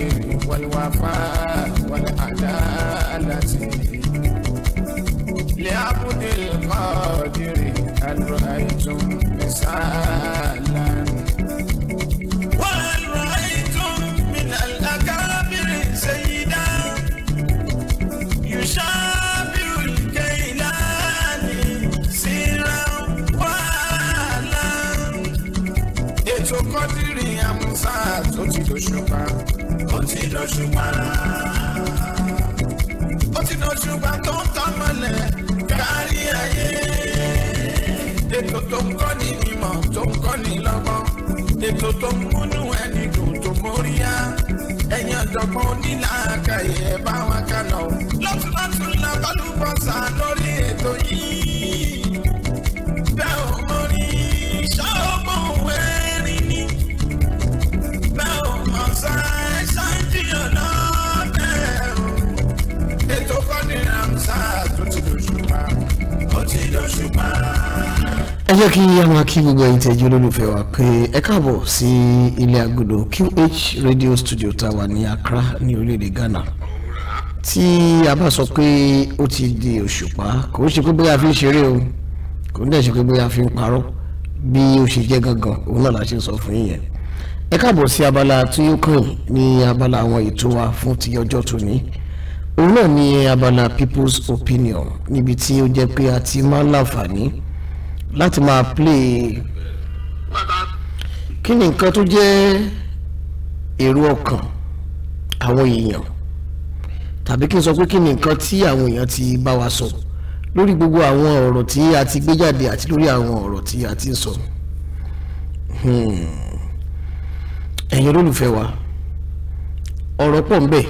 الصبر والوفاء والعدالة لعبد القادر هل رأيتم مثالا وهل رأيتم من الأكابر سيدا يشاء tó kọ́dírì àmúsá tó ti dòṣùpá dojú para. ó ti dojú pa tó ń tán mọ́lẹ̀ kárí ayé. ètò tó ń kọ́ ní mímọ̀ tó ń kọ́ ní lọ́gbọ́n. ètò tó ń múnú ẹni dùn tó móríyá. ẹ̀yin ọ̀jọ̀gbọ́n onílàákàyè bá wa. jẹ́ kí a máa kí gbogbo ẹ̀yin tẹ̀jú olólùfẹ́ wa pé ẹ káàbọ̀ sí ilé agodo QH radio studio tá a wà ní Accra ní orílẹ̀-èdè Ghana tí a bá sọ pé ó ti di òṣùpá kò ń ṣe pé bóyá a fi ń ṣeré o kò ń dẹ̀ ṣe pé bóyá a fi ń parọ́ bí ó ṣe jẹ́ gangan òun náà la ṣe ń sọ fún yín ẹ káàbọ̀ sí abala tí ní abala àwọn ètò wa fún ti ọjọ́ tòní òun náà ní abala people's opinion níbi tí ó jẹ́ pé a ti máa ń láǹfààní láti máa play kí ni nǹkan tó jẹ́ èrò ọkàn àwọn èèyàn tàbí kí n sọ pé kí ni nǹkan tí àwọn èèyàn ti bá wa sọ lórí gbogbo àwọn ọ̀rọ̀ tí a ti gbé jáde àti lórí àwọn ọ̀rọ̀ tí a ti ń sọ hmm. ẹ̀yin olólùfẹ́ wa ọ̀rọ̀ pọ̀ ń bẹ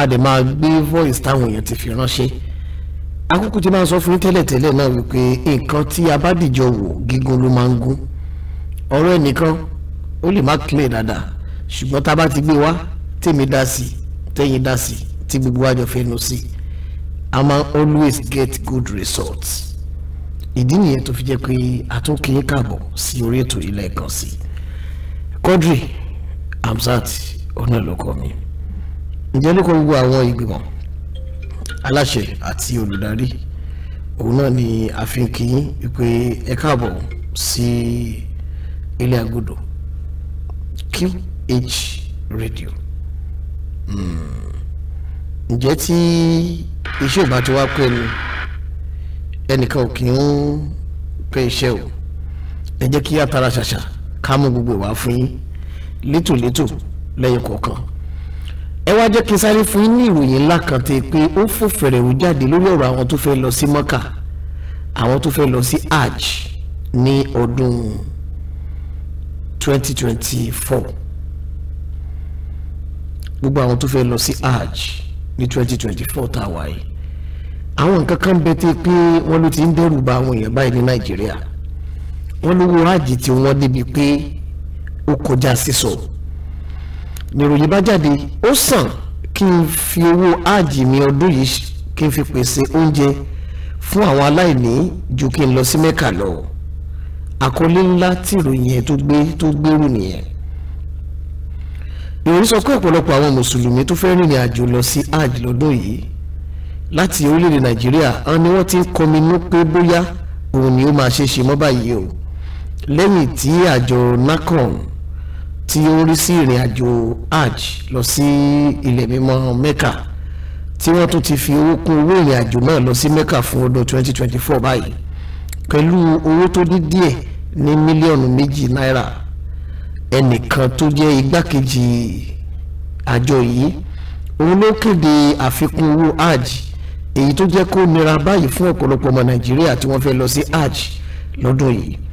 a dẹ̀ máa gbé voice táwọn èèyàn ti fi ránṣẹ́ akókò tí máa sọ fún tẹ́lẹ̀tẹ́lẹ̀ náà wípé nǹkan tí a bá dìjọ wò gígùn ló máa ń gún ọ̀rọ̀ ẹnìkan ó lè má clear dáadáa ṣùgbọ́n tá a bá ti gbé wá tèmi dá sí tẹ́yìn dá sí tí gbogbo àjọ fẹnu sí a máa always get good results ìdí nìyẹn tó fi jẹ́ pé àtúnkì yín kàbọ̀ sí orí ètò yìí lẹ́ẹ̀kan sí Quadri Hamzat ọ̀nà lọ́kọ̀ mi ǹjẹ́ ló gbogbo àwọn ìgbìmọ̀ aláṣẹ àti olùdarí òun náà ni àfihàn pé ẹ káàbọ̀ sí ilé agodo QH radio hmm. ǹjẹ́ tí iṣẹ́ ìbá ti wá pẹ́ ni ẹnìkan ò kì í pẹ́ iṣẹ́ o ẹ jẹ́ kí á tara ṣàṣà ká mú gbogbo ìwà fún yín létòlétò lẹ́yìn kọ̀ọ̀kan ẹ wá jẹ́ kí n sáré fún yín ní ìròyìn ńlá kan tẹ́ pé ó fò fẹ̀rẹ̀wò jáde lórí ọ̀rọ̀ àwọn tó fẹ́ lọ sí mọ́kà àwọn tó fẹ́ lọ sí hajj ní ọdún 2024 gbogbo àwọn tó fẹ́ lọ sí hajj ní 2024 tá a wà yìí àwọn nǹkan kan bẹ tẹ́ pé wọ́n ló ti ń dẹ́rù ba àwọn èèyàn báyìí ní nàìjíríà wọ́n lówó hajj tí wọ́n débi pé ó kọjá sísọ. So nìròyìn bá jáde ó sàn kí n fi owó áàjì mi ọdún yìí kí n fi pèsè oúnjẹ fún àwọn aláìní ju kí n lọ sí mẹ́kà lọ àkọlé ńlá tí ìròyìn yẹn tó gbé tó gbérù nìyẹn ìròyìn sọ pé ọ̀pọ̀lọpọ̀ àwọn mùsùlùmí tó fẹ́ rìnrìn àjò lọ sí hajj lọ́dún yìí láti orílẹ̀-èdè nàìjíríà àwọn ni wọ́n ti ń kọminú pé bóyá òun ni ó máa ṣe é ṣe mọ́ báyìí o lẹ́yìn tí àjọ nacon tí ó rí sí ìrìn àjò hajj lọ sí ilẹ̀ mímọ́ mecca tí wọ́n tún ti fi owó kún owó ìrìn àjò náà lọ sí mecca fún ọdún 2024 báyìí pẹ̀lú owó tó ní díẹ̀ ní mílíọ̀nù méjì náírà ẹnìkan tó jẹ́ igbákejì àjọ yìí òun ló kéde àfikún owó hajj èyí tó jẹ́ kó nira báyìí fún ọ̀pọ̀lọpọ̀ ọmọ nàìjíríà tí wọ́n fẹ́ lọ sí hajj lọ́dún yìí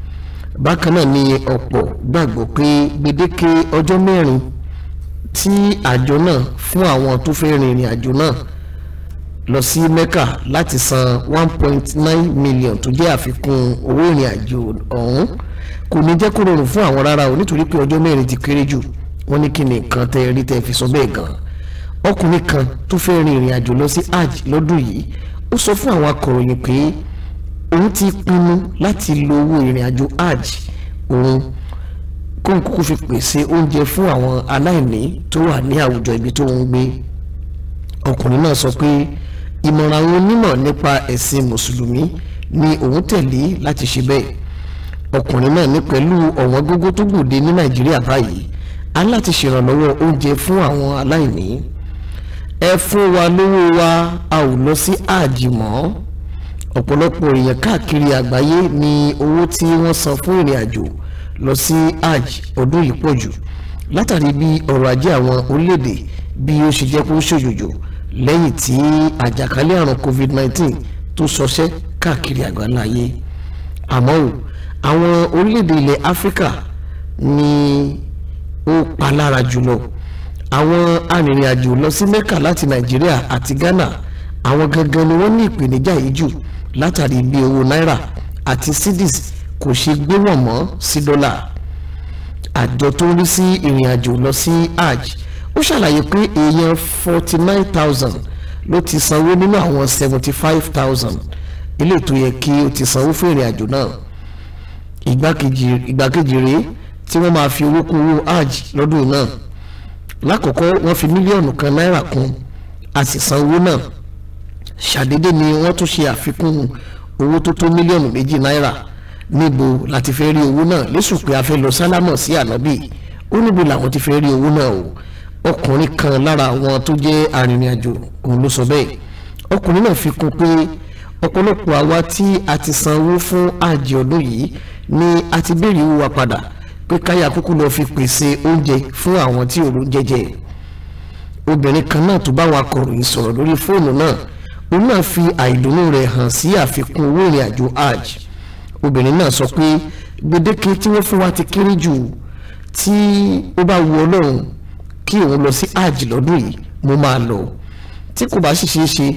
bákan náà ni ọ̀pọ̀ gbàgbọ́ pé gbèdéke ọjọ́ mẹ́rin tí àjọ náà fún àwọn tó fẹ́ rin ìrìn àjò náà lọ sí Mẹ́kà láti san one point nine million tó jẹ́ àfikún owó ìrìn àjò ọ̀hún kò ní jẹ́ kó rọrùn fún àwọn rárá o nítorí pé ọjọ́ mẹ́rin ti kéré jù wọ́n ní kí ni nǹkan tẹ́ rí tẹ́ fi sọ bẹ́ẹ̀ gan ọkùnrin kan tó fẹ́ rin ìrìn àjò lọ sí hajj lọ́dún yìí ó sọ fún àwọn akọ̀ròyìn pé òun ti pinnu láti lo owó ìrìn àjò hajj òun kóun kúkú fi pèsè oúnjẹ fún àwọn aláìní tó wà ní àwùjọ ibi tó ń gbé ọkùnrin náà sọ pé ìmọ̀ràn àwọn onímọ̀ nípa ẹ̀sìn mùsùlùmí ni òun tẹ̀lé láti ṣe bẹ́ẹ̀ ọkùnrin náà ní pẹ̀lú ọ̀wọ́n gógó tó gbòde ní nàìjíríà báyìí á ṣèrànlọ́wọ́ oúnjẹ fún àwọn aláìní ẹ fún wa lówó wa a ò lọ sí àjìmọ́ ọ̀pọ̀lọpọ̀ èèyàn káàkiri àgbáyé ni owó tí wọ́n san fún ìrìn àjò lọ sí hajj ọdún yìí pọ̀ jù látàrí bí ọrọ̀ ajé àwọn orílẹ̀-èdè bí ó ṣe jẹ́ kó ṣòjòjò lẹ́yìn tí àjàkálẹ̀ àrùn covid-19 tó ṣọṣẹ́ káàkiri àgbáńlá ayé àmọ́ o àwọn orílẹ̀-èdè ilẹ̀ áfíríkà ni ó palára jùlọ àwọn arìnrìn-àjò lọ sí mẹ́kà láti nàìjíríà àti ghana àwọn gangan ni wọ́n ní ìpèníjà yìí jù látàrí bí owó náírà àti cedis kò ṣe gbéwọ̀n mọ́ sí dọ́là àjọ tó ń rí sí ìrìn àjò lọ sí hajj ó ṣàlàyé pé èèyàn forty nine thousand ló ti sanwó nínú àwọn seventy five thousand ilé tó yẹ kí o ti sanwó fún ìrìn àjò náà ìgbákejì rèé tí wọ́n máa fi owó kún owó hajj lọ́dún náà lákòókò wọ́n fi mílíọ̀nù kan náírà kún a sì san owó náà ṣàdédé ni wọ́n tún ṣe àfikún owó tó tó mílíọ̀nù méjì náírà níbo láti fẹ́ rí owó náà lẹ́sùn pé a fẹ́ lọ sálámọ̀ sí ànábì ó níbo làwọn ti fẹ́ rí owó náà o ọkùnrin kan lára àwọn tó jẹ́ arìnrìnàjò òun ló sọ bẹ́ẹ̀ ọkùnrin náà fi kún pé ọ̀pọ̀lọpọ̀ àwa tí a ti sanwó fún àjẹ ọdún yìí ni a ti béèrè owó wa padà pé káyà kúkú lọ fi pèsè oúnjẹ fún àwọn tí òun jẹjẹ obìnrin kan náà tó bá wa kọ̀ròyìn sọ̀rọ̀ lórí fóònù náà òun náà fi àìdùnnú rẹ̀ hàn sí àfikún owó ìrìn àjò hajj obìnrin náà sọ pé gbèdéke tí wọ́n fún wa ti kéré jù tí ó bá wu ọlọ́run kí òun lọ sí hajj lọ́dún yìí mo máa lọ tí kò bá sì ṣeé ṣe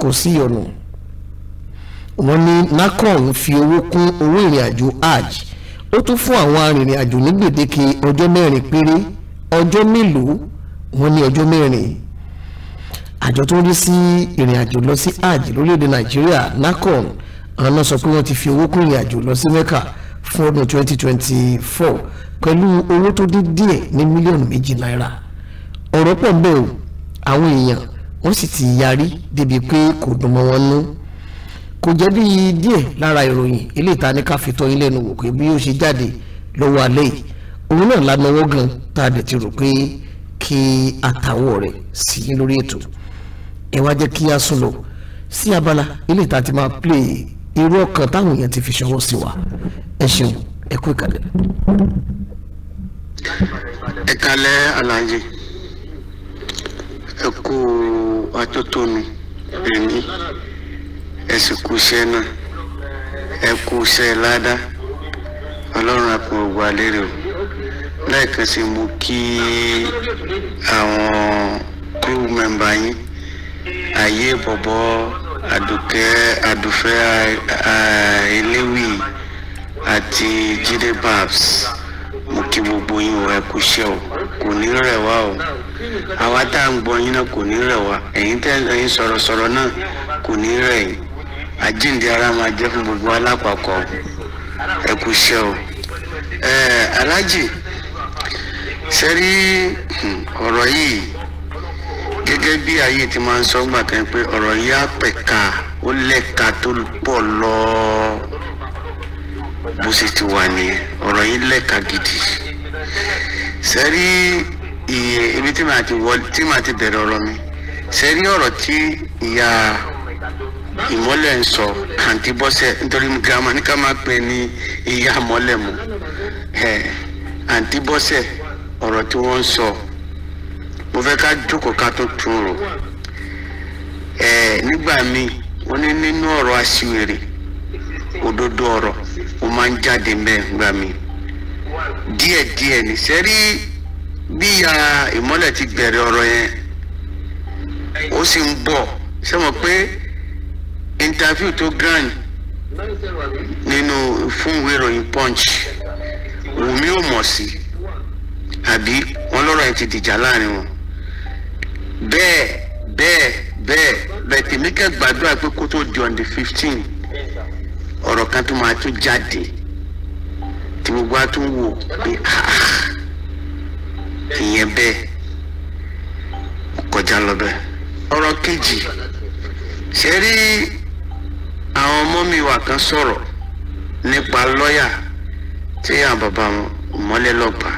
kò sí ọ̀nà wọ́n ní nacon fi owó kún owó ìrìn àjò hajj ó tún fún àwọn arìnrìn àjò ní gbèdéke ọjọ́ mẹ́rin péré ọjọ́ mélòó wọ́n ní ọjọ́ mẹ́rin àjọ tó ń rí sí ìrìn àjò lọ sí hajj lórílẹ̀‐èdè nàìjíríà nacon àwọn náà sọ pé wọ́n ti fi owó kún ìrìn àjò lọ sí mecca fún ọdún 2024 pẹ̀lú owó tó dín díẹ̀ ní mílíọ̀nù méjì náírà ọ̀rọ̀ pọ̀ ń bẹ o àwọn èèyàn wọ́n sì ti yarí débi pé kò dùn mọ́ wọn nú kò jẹ́ bí díẹ̀ lára ìròyìn ilé ìta ní ká tọ́ yín lẹ́nu wò pé bí ó ṣe jáde lọ́wọ́ alẹ́ yìí òun náà lanàwọ́ gan tá a dẹ̀ ti rò pé kí àtàwọ̀ rẹ̀ sí lórí ètò ẹ wá jẹ́ kí a sùn lọ sí abala ilé ìta ti máa play irú ọkàn táwọn èèyàn ti fi ṣọwọ́ sí wa ẹ ṣeun ẹ kú ìkàlẹ̀. ẹ kalẹ̀ aláàjì ẹ kú atótónu ẹni ẹ sì kú iṣẹ́ náà ẹ kú iṣẹ́ ládá ọlọ́run àpò ògbà lérè o lẹ́ẹ̀kan sí mo kí àwọn crew member yín ayé bọ̀bọ̀ àdùkẹ́ àdùfẹ́ eléwì àti jíde babs mo kí gbogbo yín o ẹ kú iṣẹ́ o kò ní rẹ̀ wá o àwa tá à ń gbọ́ yín náà kò ní rẹ̀ wá ẹ̀yin tẹ́ ẹ̀yin sọ̀rọ̀sọ̀rọ̀ náà kò ní rẹ̀ yín àjíǹde ara máa jẹ́ fún gbogbo alápapọ̀ ẹ kú o ẹ alájì sẹ́rí hmm, ọ̀rọ̀ yìí gẹ́gẹ́ bí ayé ti máa ń sọ gbà kan pé ọ̀rọ̀ yìí á pẹ̀ka ó lẹ́ka tó pọ̀ lọ bó ṣe ti wà ní ọ̀rọ̀ yìí lẹ́ka gidi sẹ́rí iye ibi tí màá ti wọ tí màá ti bẹ̀rẹ̀ ọ̀rọ̀ mi sẹ́rí ọ̀rọ̀ tí ìyá ìmọ́lẹ̀ ń sọ àǹtí bọ́sẹ̀ nítorí girama ní ká máa pè ní ìyá ìmọ́lẹ̀ mu àǹtí bọ́sẹ̀ ọ̀rọ̀ tí wọ́n ń sọ mo fẹ́ ká jókòó ká tó túrò ẹ̀ẹ́ nígbà míì wọ́n ní nínú ọ̀rọ̀ aṣiwèrè òdodo ọ̀rọ̀ ó máa ń jáde mẹ́ẹ̀ nígbà míì díẹ̀díẹ̀ ní sẹ́rí bí ya ìmọ́lẹ̀ ti bẹ̀rẹ̀ ọ̀rọ̀ yẹn ó sì ń bọ̀ ṣé pé interview tó grand nínú fún ìwé ìròyìn punch wùmí ò mọ̀ sí àbí wọn lọ́rọ̀ yẹn ti dìjà láàrin wọn bẹ́ẹ̀ bẹ́ẹ̀ bẹ́ẹ̀ bẹ́ẹ̀ tèmi kẹ́ gbàdúrà pé kó tó di on the fifteen ọ̀rọ̀ kan tó máa tún jáde tí gbogbo a tún wò pé ah, ìyẹn bẹ́ẹ̀ kọjá lọ bẹ́ẹ̀. ọ̀rọ̀ kejì ṣe rí àwọn ọmọ mi wà kan sọ̀rọ̀ nípa lọ́ọ̀yà tí àwọn bàbá wọn mọ́lẹ́lọ́gbà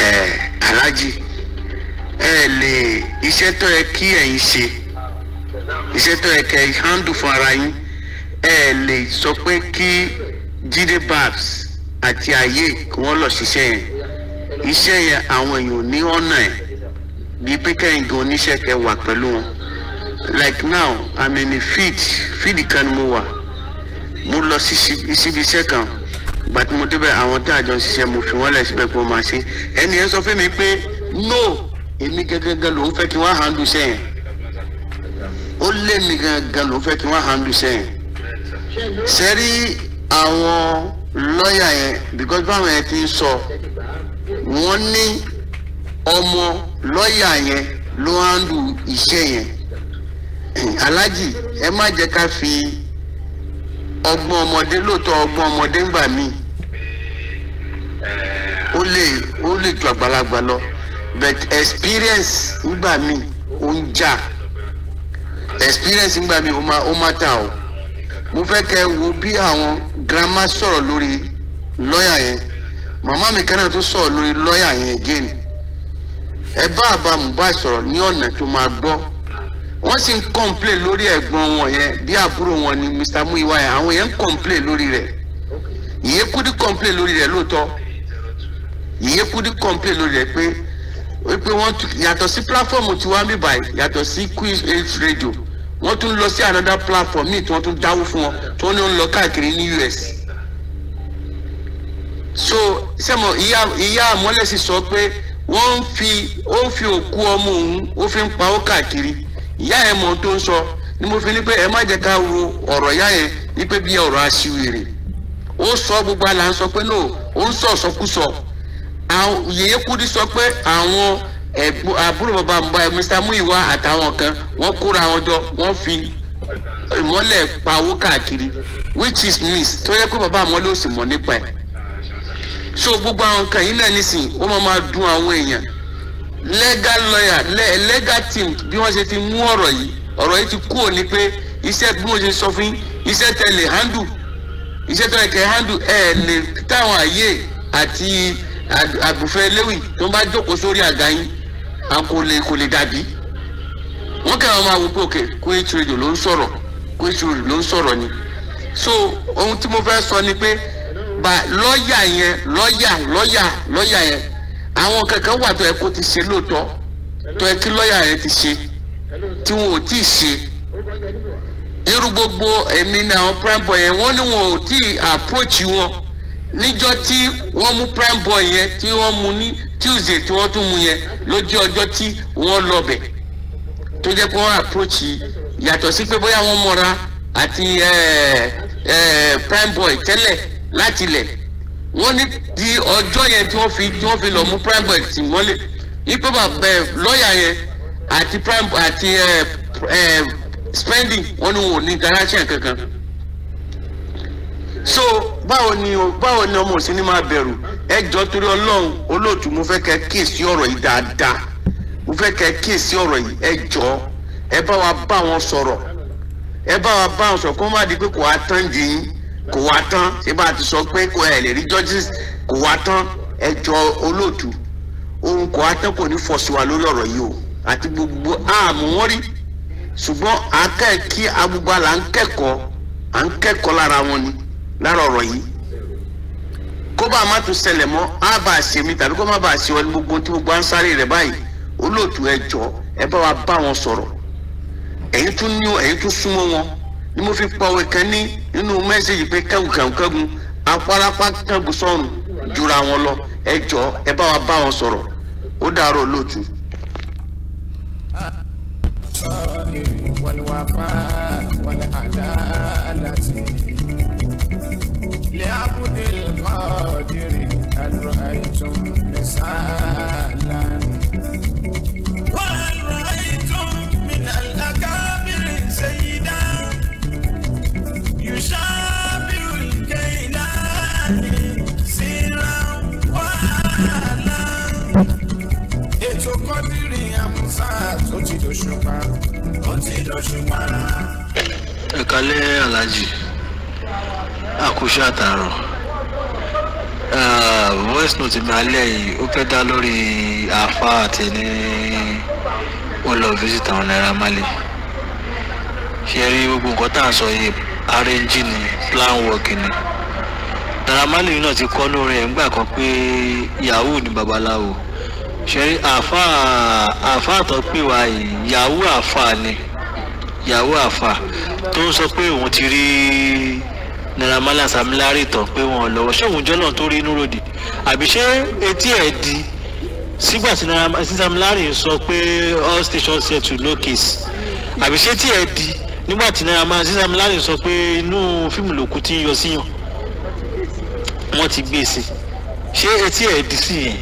ẹ̀ alájì ẹ lè iṣẹ́ tó yẹ kí ẹ̀yin ṣe iṣẹ́ tó yẹ kẹ́ handle fún ara yín ẹ lè sọ pé kí Jídé Babs àti ayé kí wọ́n lọ ṣiṣẹ́ yẹn iṣẹ́ yẹn àwọn èèyàn ní ọ̀nà ẹ̀ bíi pé gan oníṣẹ́ kẹ́ wà pẹ̀lú wọn like now i'm in a field field kan mo wà mo lọ síbi iṣẹ́ kan gbàtí mo débẹ̀ àwọn tá a jọ ń ṣiṣẹ́ mo fi wọ́n lẹ̀ síbẹ̀ pé mo máa ṣe ẹni yẹn sọ fún mi pé no èmi gẹ́gẹ́gẹ́ ló ń fẹ́ kí wọ́n handle sẹ́yìn ó lé mi gẹ́gẹ́ ló ń fẹ́ kí wọ́n handle sẹ́yìn sẹ́rí àwọn lọ́ọ̀yà yẹn because báwọn yẹn ti ń sọ wọ́n ní ọmọ lọ́ọ̀yà yẹn ló handle iṣẹ́ yẹn alájì ẹ má jẹ́ ká fi ọgbọ́n ọmọdé lóòótọ́ ọgbọ́n ọmọdé ń gbà mí ó lè ó lè ju àgbàlagbà lọ but experience nígbà mi ó ń jà experience nígbà mi ó máa ó máa tà ó mo fẹ́ kẹ́ wo bí àwọn grandma sọ̀rọ̀ lórí lọ́ọ̀yà yẹn màmá mi kan náà tó sọ̀rọ̀ lórí lọ́ọ̀yà yẹn again ẹ bá àbá Mohbad sọ̀rọ̀ ní ọ̀nà tó máa gbọ́ wọ́n sì ń complain lórí ẹ̀gbọ́n wọn yẹn bí àbúrò wọn ni Mr Muiwa yẹn àwọn yẹn ń complain lórí rẹ̀ ìyẹ́kúdí complain lórí rẹ̀ lóòótọ́ ìyẹ́kúdí complain lórí rẹ̀ pé wípé wọ́n yàtọ̀ sí pílàfọ́ọ̀mù tí wọ́n á mi báyìí yàtọ̀ sí quiz age radio wọ́n tún lọ sí another platform míì tí wọ́n tún dáwó fún wọn tí wọ́n ní ń lọ káàkiri ní US so sẹ́mo ìyá ìyá àmọ́lẹ́sì sọ pé wọ́n ń fi ó ń fi òkú ọmọ òun ó fi ń pa ó káàkiri ìyá ẹ̀ mọ̀ tó ń sọ ni mo fi ní pé ẹ má jẹ́ ká wo ọ̀rọ̀ ìyá yẹn ní pé bí ọ̀rọ̀ aṣiwèrè ó sọ gbogbo àlà ń sọ pé no ó ń sọ ọ̀sọ́kúsọ. So, àwọn yèyé sọ pé àwọn àbúrò bàbá mr muiwa àtàwọn kan wọ́n kóra wọn jọ wọ́n fi ìmọ́lẹ̀ pawó káàkiri which is miss tó yẹ pé bàbá àmọ́ ló sì mọ̀ nípa ẹ̀ so gbogbo àwọn kan yìí náà nísìnyí wọ́n máa máa dùn àwọn èèyàn legal lawyer le, legal team bí wọ́n ṣe ti mú ọ̀rọ̀ yìí ọ̀rọ̀ yìí ti kúrò ní pé iṣẹ́ bí mo ṣe sọ fún iṣẹ́ tẹ̀lé handle iṣẹ́ tẹ̀lé handle ẹ̀ lè táwọn àyè àti àgùfẹ́ léwì tó bá jókòó sórí àga yín a kò lè kò lè dàbí wọ́n kẹ́ àwọn máa wo pé òkè Queen's Radio ló ń sọ̀rọ̀ Queen's Radio ló ń sọ̀rọ̀ ni so ohun tí mo fẹ́ sọ ni pé bá lọ́ọ̀yà yẹn lọ́ọ̀yà lọ́ọ̀yà lọ́ọ̀yà yẹn àwọn kankan wà tó yẹ kó ti ṣe lóòótọ́ tó yẹ kí lọ́ọ̀yà yẹn ti ṣe tí wọn ò tí ì ṣe irú gbogbo ẹ̀mí ni àwọn prime boy yẹn wọ́n ní wọn ò tí ì approach wọn níjọ́ tí wọ́n mú prime boy yẹn tí wọ́n mú ní tuesday tí wọ́n tún mú yẹn ló jẹ́ ọjọ́ tí wọ́n lọ bẹ̀ tó jẹ́ pé wọ́n approach yàtọ̀ sí pé bóyá wọ́n mọ̀ra àti prime boy tẹ́lẹ̀ láti lẹ̀ wọ́n ní di ọjọ́ yẹn tí wọ́n fi tí wọ́n fi lọ mú prime boy tì mọ́lẹ̀ ipe bàbá lọ́ọ̀yà yẹn àti prime àti spending wọ́n ni wọn ò ní interaction kankan so báwo ni báwo ni ọmọ òsín ni máa bẹ̀rù ẹ jọ torí ọlọ́run olóòtú mo fẹ́ kẹ́ kíyèsí ọ̀rọ̀ yìí dáadáa mo fẹ́ kẹ́ kíyèsí ọ̀rọ̀ yìí ẹ jọ ẹ bá wa bá wọn sọ̀rọ̀ ẹ bá wa bá wọn sọ̀rọ̀ kó má di pé kò wá tán jì yín kò wá tán ṣé bá a ti sọ pé kò ẹ lè rí judges kò wá tán ẹ jọ olóòtú ohun kò wá tán kò ní fọ̀ sí wa lórí ọ̀rọ̀ yìí o àti gbogbo àmú wọn rí ṣùgbọ́n à ń kẹ́kọ̀ọ́ lára wọn ni lára ọ̀rọ̀ yìí kó bá a má tún ṣẹlẹ̀ mọ́ á bá a ṣe mí tàbí kó má bá a ṣe wọn ní gbogbo tí gbogbo à ń sáré rẹ̀ báyìí olóòtú ẹ jọ ẹ bá wa bá wọn sọ̀rọ̀ ẹ̀yin tún ní ẹ̀yin tún súnmọ́ wọn ni mo fi pa òwe kan ní nínú mẹ́sẹ̀gì pé kẹ́gùn kẹ́gùn kẹ́gùn apárápá kẹ́gùn sọ̀rùn jura wọn lọ ẹ jọ ẹ bá wa bá wọn sọ̀rọ̀ ó dàárọ̀ olóòtú. wọ́n wá fáà wọ́n àdá لعبد القادر هل رأيتم مثالا وهل رأيتم من الأكابر سيدا يشابه الكيلاني سيرا وهلا ètò kọ́dírì àmúsà tó ti dòṣùpá tó ti dòṣùpá. ẹ kálẹ́ aláàjì àkóṣe àtàrọ̀ voice note mi alẹ́ yìí ó fẹ́ dá lórí àáfà àti ní ó lọ visit àwọn Naira Marley ṣe rí gbogbo nǹkan tá à ń sọ yìí arranging ni plan work ni Naira Marley náà ti kọ́ lórí ẹ̀ ńgbà kan pé yahoo ni babaláwo ṣe rí àáfà àáfà tó pè wá yìí yahoo àáfà ni yahoo àáfà tó ń sọ pé òun ti rí. Naira Marley Sàámú Lárè tán pé wọn lọ́wọ́ ṣé òun jọlọ tó rí inú ròdì àbí ṣé etí ẹ̀ di sígbà tí Sàámú Lárè sọ pé all stations set to no case àbí ṣé etí ẹ̀ di nígbà tí Sàámú Lárè sọ pé inú fíìmù lòkù ti ń yọ síyàn wọ́n ti gbé e sí ṣé etí ẹ̀ di sí yẹn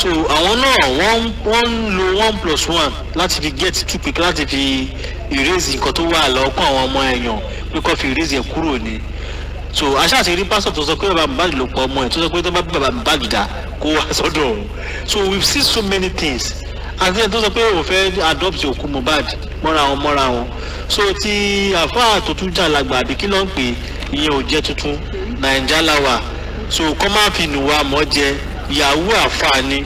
so àwọn náà wọ́n ń lo one plus one láti fi get two pick láti fi erase nǹkan tó wà lọ́kàn àwọn ọmọ ẹ̀yàn pé kó fi erase yẹn kúrò ní so aṣáàṣì rí pásítọ̀ tó sọ pé bàbá Mohbad ló pọ̀ ọmọ ẹ̀ tó sọ pé tó bàbá Mohbad dà kó wá sọ́dọ̀ òun so we see so many things àti ẹ̀ tó sọ pé òun fẹ́ adopt òkú Mohbad mọ́ra wọn mọ́ra wọn so ti àfáà tó tún jà lágbà àbí kí ló ń pè ìyẹn ò jẹ́ tuntun nàìjà làwà so kọ́ máa fi nùwà mọ́ jẹ ìyàwó àfáà ni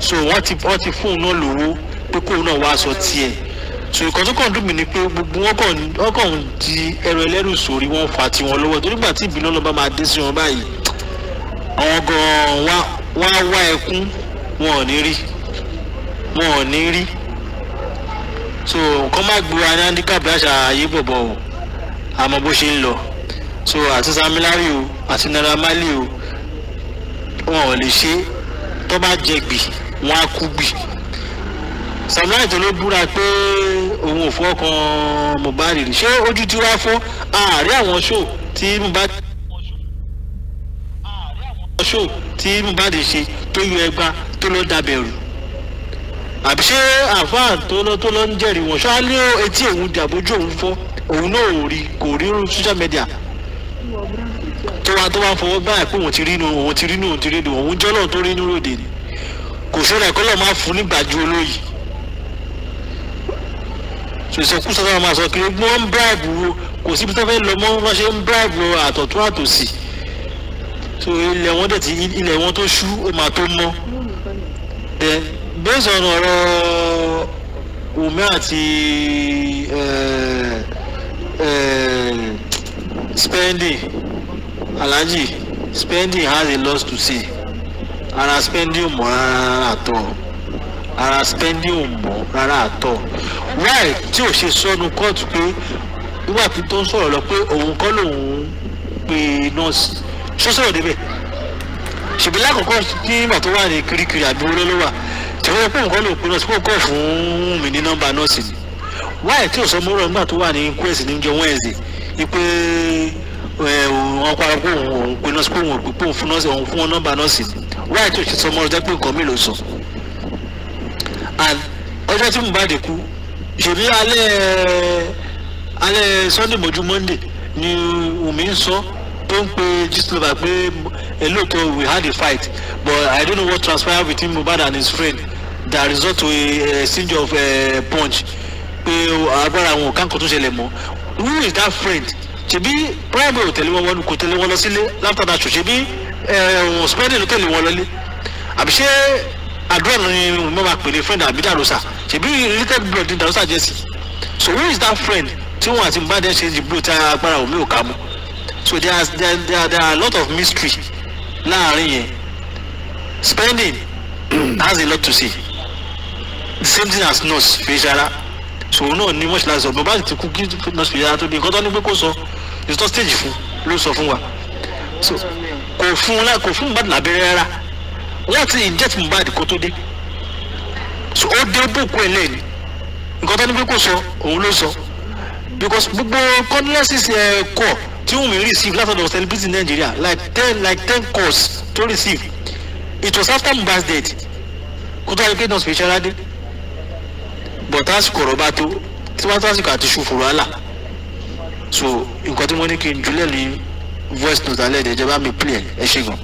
so wọ́n ti fún un náà lówó pé kóun náà wá sọ tiẹ̀ so nǹkan tó kàn dùn mí ni pé gbogbo wọn kàn wọn kàn di ẹrọ ẹlẹ́rù sórí wọn fa tiwọn lọ́wọ́ torí gbà tí ìbínú ọlọ́ba máa dé sí wọn báyìí àwọn gan-an wá wá wá ẹkún wọn ò ní rí wọn ò ní rí so nǹkan má gbúra ní handicap láṣà ayé bọ̀bọ̀ o àmọ́ bó ṣe ń lọ so àti Sam o àti Naira Marley o wọn ò lè ṣe tó bá jẹ gbì wọn á kú gbì. Samuel tó ló búra pé òun ò fọ́ kan Mohbad rí ṣé ojú tí wàá fọ́ ààrẹ àwọn ṣó tí Mohbad ṣó tí Mohbad ṣe tó yọ ẹgbà tó lọ dàbẹ̀rù àbí ṣé àfáà tó lọ tó lọ ń jẹ́rìí wọn ṣáá ní etí òun dàbójú òun fọ́ òun náà ò rí kò rí social media tó wá tó wá fọwọ́ gbáyà pé òun ti rí inú òun ti rí inú òun ti rí inú òun jọ́lọ́ tó rí inú ròde ni kò sẹ́rẹ̀ kọ́lọ́ máa fún nígbàjú olóyìí sòsòkúsọ náà máa sọ kiri wọ́n ń bíráìbù kò síbi tó fẹ́ lọ mọ́ wọ́n ṣe ń bíráìbù àtọ̀tún àtòsì so ilẹ̀ wọn dẹ̀ ti ilẹ̀ wọn tó ṣú ó máa tó mọ́ then based on ọ̀rọ̀ Wùmí àti spending Alhaji spending has a lot to say ara spending mọ̀ rárá àtọ̀ ara spending ò mọ̀ rárá àtọ̀ why tí ò ṣe sọnù kóòtù pé nígbà tí tó ń sọ̀rọ̀ lọ pé òun kọ́ lòun pe nọ́ọ̀sì ṣó sọ̀rọ̀ débẹ̀ ṣèbí lákòókò nígbà tó wà ní Kirikiri àbí wọlé ló wà tẹ̀wé pé òun kọ́ lòun pe nọ́ọ̀sì kó kọ́ fún mi ní nọ́mbà nọ́ọ̀sì ni why tí ò sọ mọ́rọ̀ nígbà tó wà ní kwesi níjọ Wednesday ipe wọn kọ́ ara pé òun pe nọ́ọ̀sì pé òun fún nọ́ọ̀sì òun fún nọ́mbà nọ́ọ̀sì ni why tí ò ṣe sọ mọ́rọ̀ jẹ́ pé nǹkan mi ló sọ and ọjọ́ tí Mohbad kú ṣèbí alẹ́ alẹ́ Sunday mọ́jú Monday ni Wùmí ń sọ tó ń pe Gistlover pé elóòótọ́ we had a fight but I don't know what transpired between Mohbad and his friend that result to a, a singe of a eh, punch pé agbára àwọn òkà nǹkan tó ṣẹlẹ̀ mọ́ who is that friend ṣèbí primary ò tẹ̀lé wọn wọn kò tẹ̀lé wọn lọ sílé láfta náà ṣò ṣèbí eh, ọ̀hún spending ló tẹ̀lé wọn lọlé àbí ṣé àdúrà ni mo máa pè ní friend àbí dàrúsà ṣèbí related blood ni dàrúsà jẹ́ sí so where is that friend tí wọn àti mbàdàn ṣe di blow tí agbára omi ò ká mú so there are there are there are, a lot of mystery láàrin yẹn spending has a lot to say the same thing as nurse fèsàrà so òun náà ni wọ́n ṣe láti sọ bàbá àti kú kí nurse fèsàrà tó di nǹkan tó ní pé kò sọ ìtọ́ stage fún ló sọ fún wa so kò fún kò fún mbàdàn abẹ́rẹ́ rárá láti inject Mohbad kó tó dé so ó dé bùkún ẹ̀ lẹ́yìn nǹkan tó ní pé kò sọ òun ló sọ because gbogbo condolences ẹ̀ kọ̀ tí Wunmi receive látọ̀dọ̀ celebrity Nigeria like ten like ten course to receive it was after Mohbad's death kó tó ayọ̀kẹ́ náà special adé but lásìkò ọ̀rọ̀ bá tó tí wọ́n tásìkò àti ṣòfò wàhálà so nǹkan tí mo ní kí n jùlẹ̀ ní voice note alẹ́ ẹ̀dẹ̀ ìjọba mi play ẹ̀ ṣe gan.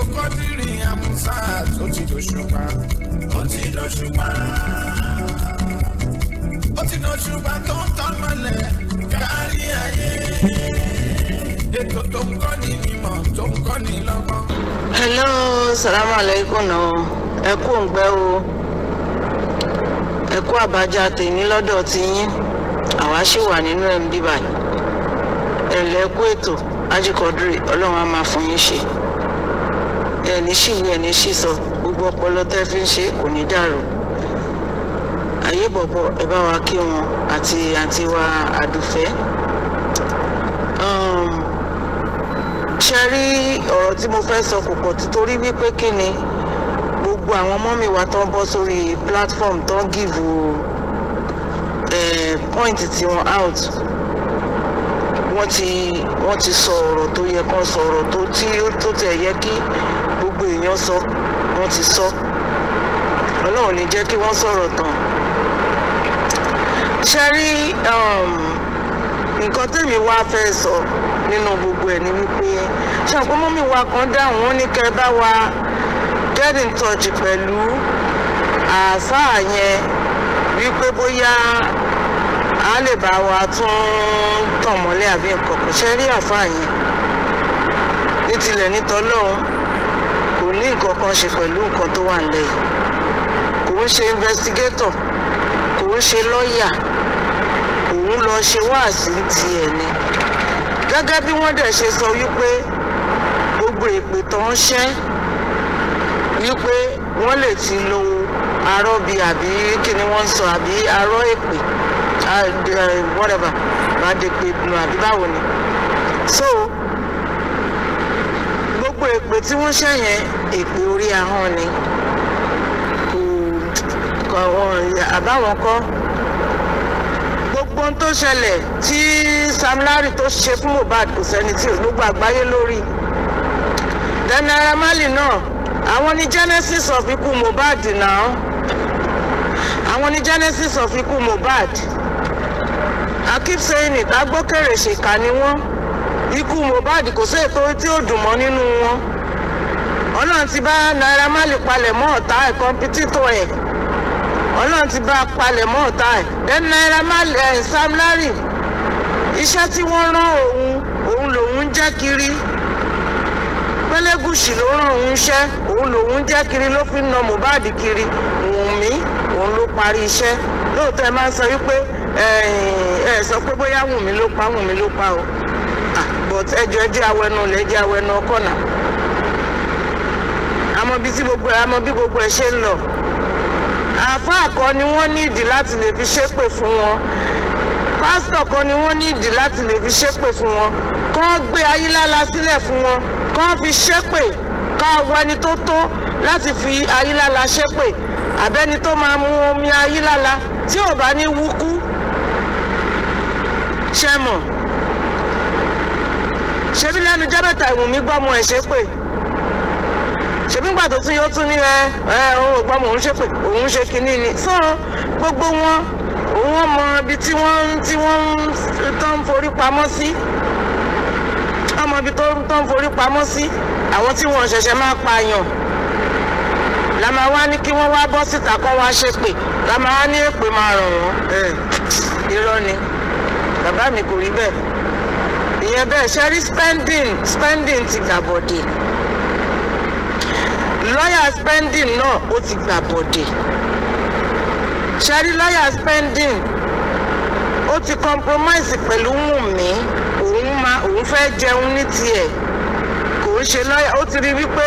tó kọ́dírì àmúṣá tó ti dòṣùpá ó ti dòṣùpá ó ti dòṣùpá tó ń tán mọ́lẹ̀ kárí ayé ètò tó ń kọ́ ní mímọ̀ tó ń kọ́ ní lọ́gbọ́n. hello salamu aleykum o ẹ kú òǹgbẹ o ẹ kú àbájá tèmi lọ́dọ̀ tiyín àwa ṣì wà nínú ẹ̀ ń bíbà ẹ̀ lẹ́kú ètò ajíkọ̀dúrì ọlọ́run á máa fún yín ṣe ẹni ṣìwé ẹni ṣìsọ gbogbo ọpọlọ tẹ́ fi ń ṣe kò ní dàrú ayé bọ̀bọ̀ ẹ bá wa kí wọn àti àǹtí wa àdùfẹ́ um, ṣe rí ọ̀rọ̀ tí mo fẹ́ sọ kò pọ̀ torí wípé kí ni gbogbo àwọn mọ́mì wa tó ń bọ́ sórí platform tó ń gìvù point tí wọ́n out wọ́n ti wọ́n ti sọ ọ̀rọ̀ tó yẹ kán sọ ọ̀rọ̀ tó tí ó tó tẹ̀ yẹ kí gbogbo èèyàn sọ wọ́n ti sọ ọlọ́run ní jẹ́ kí wọ́n sọ̀rọ̀ tán ṣe rí um, nǹkan tèmi wá fẹ́ sọ nínú gbogbo ẹ̀ ni wípé ṣàpamọ́ mi wá kan dáhùn wọ́n ní kẹ́ bá wa get in touch pẹ̀lú àáfàá yẹn wípé bóyá a lè bá wa tún tàn mọ́lẹ̀ àbí nǹkan kò ṣe rí àáfàá yẹn ní tilẹ̀ nítọ́lọ́hún ní nǹkan kan ṣe pẹ̀lú nǹkan tó wà nílẹ̀ yìí kò ń ṣe investigator kò ń ṣe lọ́ọ̀yà òun lọ ṣe wáàsí tiẹ̀ ni gẹ́gẹ́ bí wọ́n dẹ̀ ṣe sọ wípé gbogbo èpè tó ń ṣẹ́ wípé wọ́n lè ti lo arọ́ bí àbí kí ni wọ́n sọ àbí arọ́ èpè uh, whatever bá dé pé àbí báwo ni so gbogbo èpè tí wọ́n ṣe yẹn èpè orí ahọ́n ni kò àbáwọn kọ́ gbogbo ohun tó ṣẹlẹ̀ tí Sam Larry tó ṣe fún Mohbad kò sẹ́ni tí gbogbo àgbáyé lórí then náà àwọn ni genesis of ikú Mohbad náà àwọn ni genesis of ikú Mohbad I keep saying it agbókèrè ṣèkà ni wọ́n. ikú Mohbad kò sí ètò tí ó dùn mọ́ nínú wọn ọlọ́run ti bá Naira Marley palẹ̀ mọ́ ọ̀tá ẹ̀ kọ́mpítítọ̀ ẹ̀ ọlọ́run ti bá palẹ̀ mọ́ ọ̀tá ẹ̀ then Naira Marley ẹ̀ eh, Sam Larry iṣẹ́ tí wọ́n rán òun òun lòun jẹ́ kiri pélégùsì ló rán òun iṣẹ́ òun lòun jẹ́ kiri ló fi ń Mohbad kiri Wùnmí òun ló parí iṣẹ́ lóòótọ́ ẹ máa ń sọ wípé ẹ eh, ẹ sọ pé bóyá Wùnmí ló pa Wùnmí ló pa o. but ẹjọ́ ẹjẹ́ awẹnu lẹ́ ẹjẹ́ awẹnu ọkọ̀ náà àmọ́ bí tí gbogbo àmọ́ bí gbogbo ẹ̀ ṣe ń lọ àáfàá kan ni wọ́n ní ìdí láti lè fi ṣépè fún wọn pásítọ̀ kan ni wọ́n ní ìdí láti lè fi ṣépè fún wọn kọ́ gbé ayílála sílẹ̀ fún wọn kọ́ fi ṣépè ká wẹni tó tó láti fi ayílála ṣépè àbẹ́ni tó máa mú omi ayílála tí ò bá ní wúkú ṣẹ́mọ̀ ṣebí lẹ́nu jẹ́bẹ̀tà ìwùmí gbọ́mọ ẹ̀ ṣépè ṣebí gbà tó tún yóò tún ní ẹ ẹ òun ò gbọ́mọ òun ṣépè òun ṣe kinní ni so gbogbo wọn òun mọ ibi tí wọ́n tí wọ́n tó ń forí pamọ́ sí ọmọ ibi tó ń forí pamọ́ sí àwọn tí wọ́n ṣẹ̀ṣẹ̀ máa pààyàn la máa wá ní kí wọ́n wá bọ́ síta kọ́ wá ṣépè la máa ní èpè máa rọ̀ wọ́n irọ́ ni bàbá mi kò rí bẹ́ẹ̀ ìyẹn bẹ́ẹ̀ ṣe rí spending spending ti gbàbọ̀dé lọ́yà spending náà ó ti gbàbọ̀dé ṣe rí lọ́yà spending ó ti compromise pẹ̀lú Wùnmí òun máa òun fẹ́ jẹun ní tiẹ̀ kò ń ṣe lọ́yà ó ti rí wípé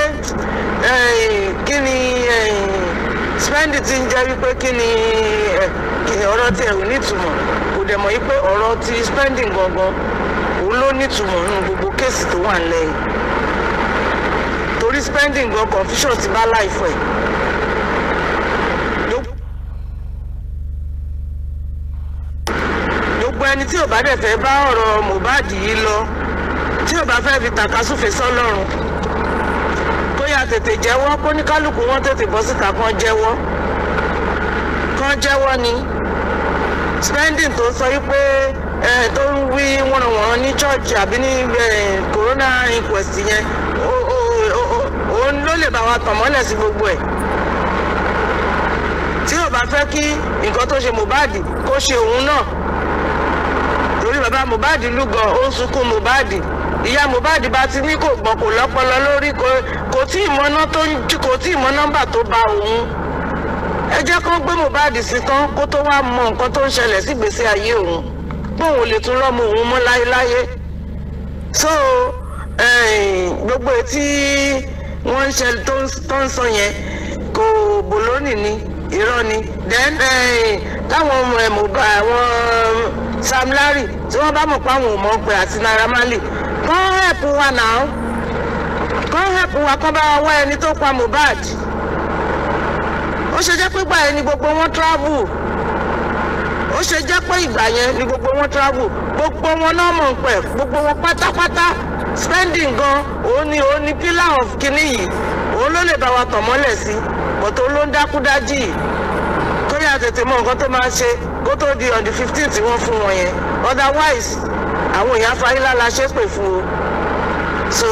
eh, kí ni eh, spending ti ń jẹ́ wípé kí ni eh, ọ̀rọ̀ tiẹ̀ ò nítumọ̀ kò dẹ̀ mọ̀ wípé ọ̀rọ̀ ti spending gangan ló nítumọ̀ nínú gbogbo kéèsì tó wà nílẹ̀ yìí torí spending gan confusion ti bá láìfọ̀ ẹ̀. gbogbo ẹni tí ò bá dẹ̀ fẹ́ bá ọ̀rọ̀ Mohbad yìí lọ tí ò bá fẹ́ fi tàkasúfè sọ́lọ́run kó yá tètè jẹ́wọ́ kó ní kálukú wọn tètè bọ́ síta kan jẹ́wọ́ kan jẹ́wọ́ ni spending tó sọ yìí pé tó ń wí wọ́nàwọ́n ní chọ́ọ̀chì àbí ní corona inquest yẹn òun ló lè bá wa tàn mọ́lẹ̀ sí gbogbo ẹ̀ tí ò bá fẹ́ kí nǹkan tó ṣe Mohbad kó ṣe òun náà torí bàbá Mohbad lúgọ ó ń sunkún Mohbad ìyá Mohbad bá ti ní kò gbọ́n kò lọ́pọlọ lórí kò tí ì mọ nọ́mbà tó bá òun ẹ jẹ́ kó gbé Mohbad sí tán kó tó wá mọ nǹkan tó ń ṣẹlẹ̀ sí ìgbésí ayé òun. bóun ò lè tún rọ́mọ òun mọ́ láéláyé so gbogbo tí wọ́n ń ṣe tó ń sọ yẹn kò bòlónì ni irọ́ ni then táwọn ọmọ ẹ̀ mọ̀ bá àwọn um, Sam Larry tí wọ́n bá mọ̀ pé àwọn ò mọ̀ àti Naira Marley kàn help wa now kàn help wa kàn bá wá ẹni tó pa Mohbad ó ṣe jẹ́ pé gbà ẹni gbogbo wọn travel. ṣe jẹ́ pé ìgbà yẹn ni gbogbo wọn travel gbogbo wọn náà mọ̀ ń pẹ̀ gbogbo wọn pátápátá spending gan òun ni òun ni pillar of kinní yìí òun ló lè bá wa tàn mọ́lẹ̀ sí bọ̀tọ̀ ló ń dákúdájì tó yà tètè mọ nǹkan tó máa ṣe kó tó di on the fifteenth wọ́n fún wọn yẹn otherwise àwọn èèyàn fayílá la ṣe pè fún o so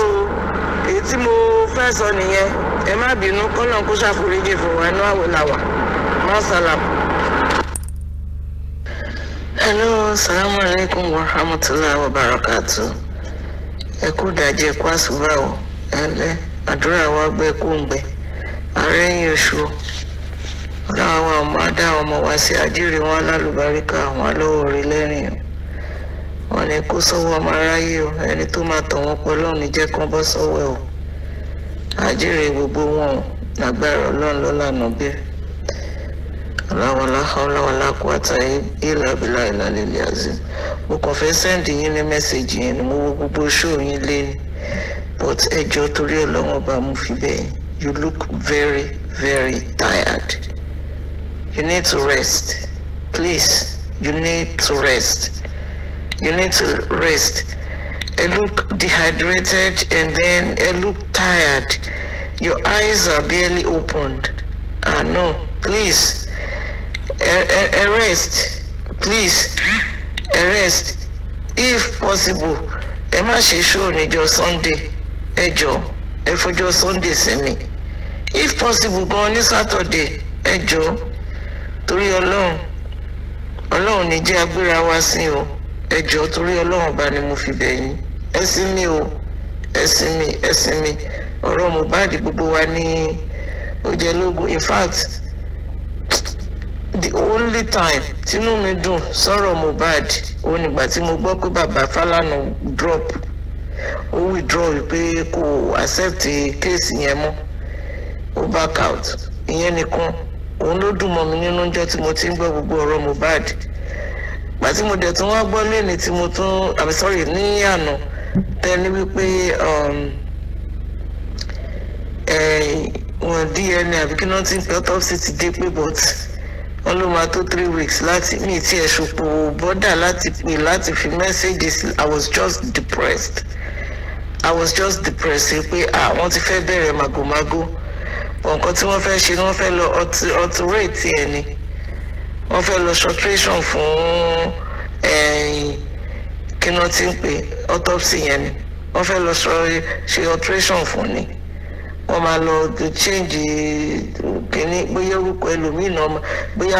èyí tí mo fẹ́ sọ nìyẹn ẹ má bínú kọ́nà kó ṣàforíjì fún wa inú àwẹ̀ làwà má sálàmù hello salamu alaikum wa rahmatulahi wa barakatu ẹ kú ìdájí ẹ kú àsùbà o ẹ lẹ àdúrà wa gbẹ kú ń gbẹ ààrẹ yín oṣù láwọn ọmọ adá ọmọ wa sí àjírí wọn alálùbáríkà àwọn alówóore lẹ́rìn o wọn ní kó sọ́wọ́ ọmọ aráyé o ẹni tó máa tọ̀ wọ́n pọ̀ lọ́run jẹ́ kán bọ́ sọ́wọ́ ẹ o àjírí gbogbo wọn o lágbára ọlọ́run lọ́lànà bẹ́ẹ̀. la wala hawla wala quwwata illa billahi al-aliyyil azim mo kàn fẹ́ sẹ́ndì yín ní mẹ́sẹ̀gì yẹn ni mo wo gbogbo ṣóò yín lẹ́nu but ẹjọ́ torí ọlọ́wọ́n bá mo fi you look very very tired you need to rest please you need to rest you need to rest I look dehydrated and then I look tired your eyes are barely opened ah no please. E, e, arrest please arrest if possible ẹ má ṣe show níjọ́ sunday ẹ jọ̀ọ́ ẹ fọjọ́ sunday sinmi if possible gan ní saturday ẹ jọ̀ọ́ torí ọlọ́run ọlọ́run ní jẹ́ agbéra wá sí o ẹ jọ̀ọ́ torí ọlọ́run bá ni mo fi bẹ̀ yín ẹ sinmi o ẹ sinmi ẹ sinmi ọ̀rọ̀ mohbad gbogbo wa ní ó in fact the only time tínú mi dùn sọ̀rọ̀ Mohbad ó nígbà tí mo gbọ́ pé bàbá Fálànà drop ó withdraw pé kò accept kéèsì yẹn mọ́ ó back out ìyẹn nìkan òun ló dùn mọ́ mi nínú ọjọ́ tí mo ti ń gbọ́ gbogbo ọ̀rọ̀ Mohbad gbàtí mo dẹ̀ tún wá gbọ́ lẹ́ni tí mo tún i'm sorry ní àná tẹ́ni wípé um, eh, wọ́n DNA àbí kí náà ti ń pẹ́ autopsy ti dé pé but wọn ló máa tó three weeks láti mi tí ẹ ṣòpò bọ́dà láti pè láti fi messages i was just depressed i was just depressed pé ah wọ́n ti fẹ́ bẹ̀rẹ̀ màgòmágó nǹkan tí wọ́n fẹ́ ṣe ni wọ́n fẹ́ lọ ọtúrẹ́ẹ̀tì ẹ̀ ni wọ́n fẹ́ lọ shortration fún kí ni wọ́n ti ń pè autopsy yẹn ni wọ́n fẹ́ lọ ṣe alteration fún ni wọ́n máa lọ change kínní bóyá orúkọ ẹlòmíì náà bóyá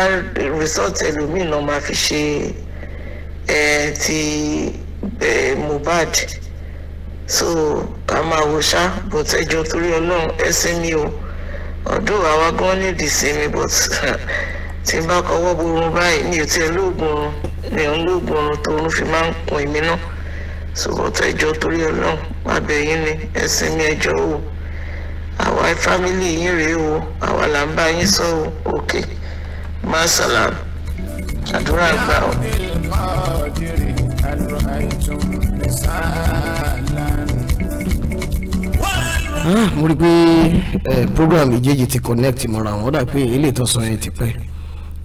result ẹlòmíì náà máa fi ṣe ti Mohbad so ká máa wo ṣá but ẹjọ torí Ọlọ́run ẹsìn mi o ọdún àwa gan nídìí sinmi but tí n bá kọwọ́ borun báyìí mi ò tiẹ̀ lóògùn oorun mi ò ń lóògùn oorun tó oorun fi máa ń kun èmi náà so but ẹjọ torí Ọlọ́run abẹ yín ni ẹsìn mi ẹjọ o my family yín rèé o àwa là ń bá yín sọ o òkè masalam àdúrà gbà o. Ah, mo rí i pé program méjèèjì ti connect mọ́ra wọn ó dà pé ilé ìtọ́sán yẹn ti pẹ́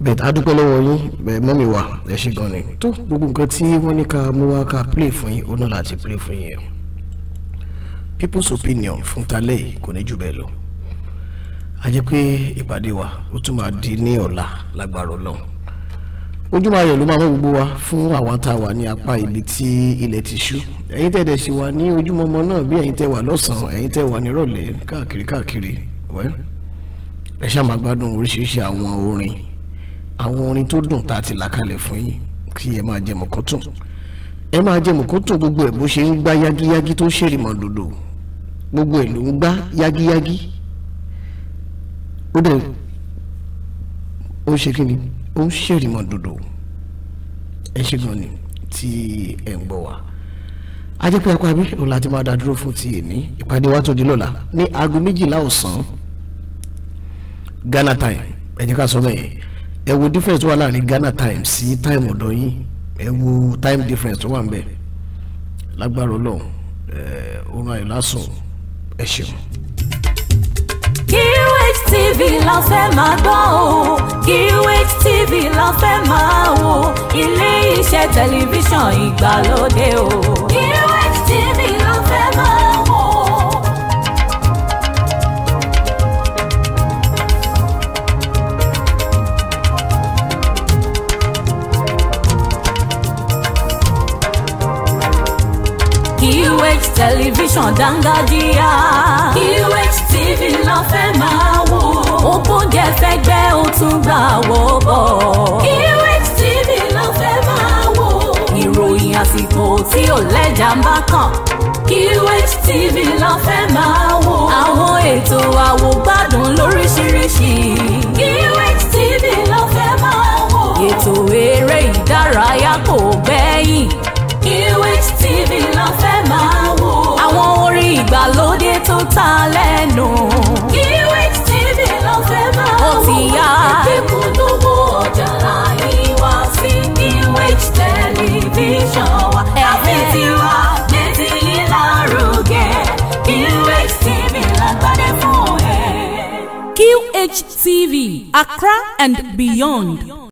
bẹ́ẹ̀ a dúpẹ́ lọ́wọ́ yín bẹ́ẹ̀ mọ́mí wa ẹ ṣe gan ni tó gbogbo nǹkan tí wọ́n ní ká mú wá ká play fún yín ó náà láti play fún yín people's opinion fún talẹ́ yìí kò ní jù bẹ́ẹ̀ lọ a jẹ́ pé ìpàdé wa ó tún máa di ní ọ̀la lágbára ọlọ́run ojú máa yẹ̀ ló máa mọ́ gbogbo wa fún àwa tá a wà ní apá ibi tí ilẹ̀ ti ṣú ẹ̀yin tẹ̀ dẹ̀ ṣe wà ní ojúmọmọ náà bí ẹ̀yin tẹ̀ wà lọ́sàn-án ẹ̀yin tẹ̀ wà nírọ̀lẹ́ káàkiri káàkiri ẹ ṣáà máa gbádùn oríṣiríṣi àwọn orin àwọn orin tó dùn tá a ti là fún yín kí ẹ máa jẹ mọ̀kọ́tùn ẹ máa jẹ mọ̀kọ́tùn gbogbo ẹ̀ bó ṣe ń gbá yágíyágí tó ṣèrìmọ̀ dòdò gbogbo ẹ̀ ló ń gbá yágíyágí ó dẹ̀ ó ṣe kí ni ó ń ṣèrìmọ̀ dòdò ẹ ṣe gan ni tí ẹ ń gbọ́ wa ajẹ́pẹ́ ẹ̀kọ́ abí òun láti máa dá dúró fún ti èmi ìpàdé wa tó di lọ́la ní aago méjìlá ọ̀sán Ghana time ẹ jẹ́ ká sọ bẹ́ẹ̀ ẹ wo difference wà láàrin Ghana time sí time ọ̀dọ̀ yín ẹ wo time difference tó wà ń bẹ̀ lágbára Ọlọ́run ẹ oorun àyè ẹ ṣeun. QH TV la fẹ́ máa gbọ́ o QH TV la fẹ́ máa wo ilé iṣẹ́ tẹlifíṣàn ìgbàlódé o QH TV la. tẹlifíṣàn dáńgájíá. QH e TV ló fẹ́ máa wò. ògbóǹjẹ fẹ́gbẹ́ ó tún gbà wọ́ bọ̀. QH e TV ló fẹ́ máa wò. ìròyìn àsìkò tí ò lẹ́jà ń bá kàn. QH e TV ló fẹ́ máa wò. àwọn ètò àwògbádùn lóríṣiríṣi. QH TV ló fẹ́ máa wò. ètò eré ìdárayá kò gbẹ́yìn. QH ló fẹ́ máa wò ìgbàlódé tó ta lẹ́nu. QH TV ló fẹ́ máa wò ó ti yá. ìdínkù dúró ọjà láyé wá sí QH tẹlifíṣàn wa. àfi tiwa gbé ti yín lárugẹ QH TV lágbádé fún ẹ. QH TV Accra and beyond.